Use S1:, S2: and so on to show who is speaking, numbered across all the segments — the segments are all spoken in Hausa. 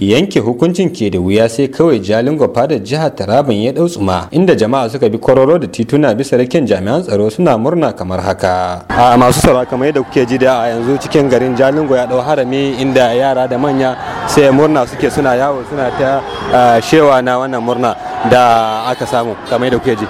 S1: yanke hukuncin ke da wuya sai kawai jalingo fadar jihar taraban ya dau tsuma inda jama'a suka bi kororo da tituna bisa raken jami'an tsaro suna murna kamar haka a masu tsaro kamar yadda kuke ji da a yanzu cikin garin jalingo ya dau harami inda yara da manya sai murna suke suna yawo suna ta shewa na wannan murna da aka samu kamar yadda kuke ji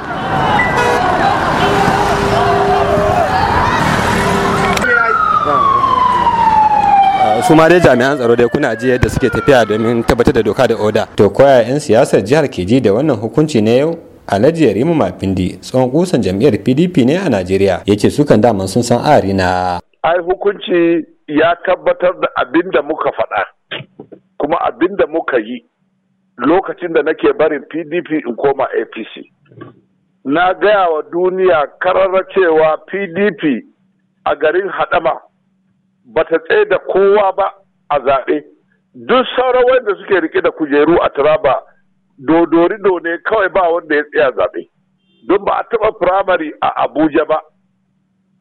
S1: su ma dai jami'an tsaro dai kuna ji yadda suke tafiya domin tabbatar da doka da oda to koya 'yan siyasar jihar ke da wannan hukunci ne yau Alhaji Yarimu Mafindi tsohon kusan jam'iyyar PDP ne a Najeriya Ya su sukan daman sun san ari na
S2: ai hukunci ya tabbatar da abin da muka faɗa kuma abin da muka yi lokacin da nake barin PDP in koma APC na gaya wa duniya kararra cewa PDP a garin Hadama ba ta tsaye da kowa ba a zaɓe duk sauran wanda suke rike da kujeru a turaba dodori do ne kawai ba wanda ya tsaya zaɓe don ba a taɓa firamare a abuja ba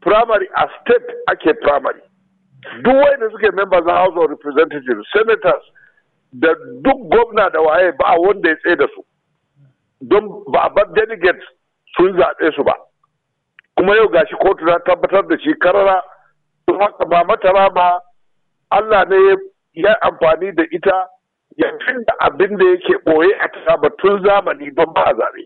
S2: firamare a state ake firamare duk wanda suke members na house of representatives senators da duk gwamna da waye ba wanda ya tsaye da su don ba a bar delegates sun zaɓe su ba kuma yau gashi kotu na tabbatar da shi karara don haka ba matara ba Allah ne ya amfani da ita ya da abin da yake ɓoye a taraba tun zamani ban ba a zaɓe.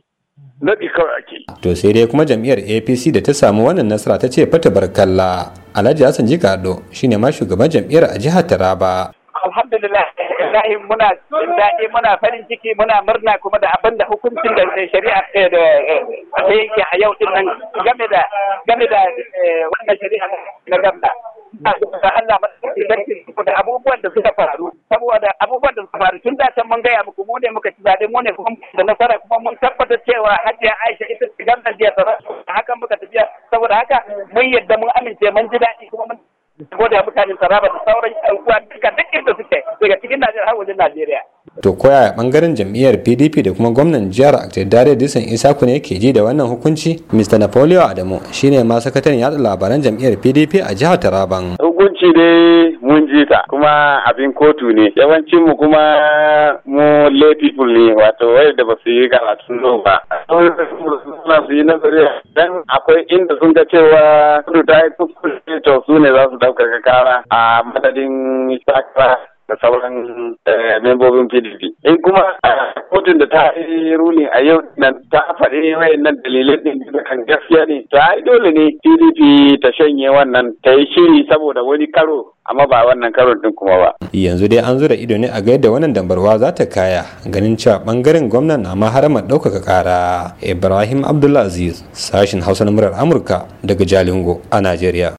S2: Naɗi kawai ake.
S1: To sai dai kuma jam'iyyar APC da ta samu wannan nasara ta ce fata barkalla. Alhaji Hassan Jikado shine ma shugaban jam'iyyar a jihar Taraba.
S3: alhamdulillah wallahi muna jin daɗi muna farin ciki muna murna kuma da abin da hukuncin da shari'a da ta eh, yanke a yau din nan game da game da eh, wannan shari'a na gamda da Allah da abubuwan da suka faru saboda abubuwan da suka faru tun da can mun gaya muku mu ne muka ci zaɓe mu ne kuma da nasara kuma mun tabbatar cewa Hajiya Aisha ita ce gamdan jiya hakan muka tafiya saboda haka mun yadda mun amince mun ji daɗi kuma mun goda mutanen Taraba da sauran uwa duka duk inda suke daga cikin Najeriya har wajen Najeriya.
S1: To koya bangaren jam'iyyar PDP da kuma gwamnan jihar Dare Dusan Isaku ne ke ji da wannan hukunci? Mr. Napoleon Adamu shine ma sakataren yada labaran jam'iyyar PDP a jihar Taraban.
S4: Hukunci dai mun ji ta kuma abin kotu ne. Yawancin mu kuma mu lay people ne wato da ba su yi karatun ba. zauna su yi nazari dan akwai inda sun ga cewa kudu ta yi to su ne za su daukar kara a madadin shakara da sauran eh, membobin pdp in kuma eh, kotun da ta yi rulin a yau nan ta faɗi wayannan dalilai din da kan gaskiya ne ta yi dole ne pdp ta shanye wannan ta yi shiri saboda wani karo amma ba wannan karon din kuma ba.
S1: Yanzu dai an zura ido ne a ga yadda wannan dambarwa za ta kaya ganin cewa bangaren gwamnan na ma haramar ɗaukaka ƙara. Ibrahim Abdulaziz sashin Hausa na murar Amurka daga Jalingo a Najeriya.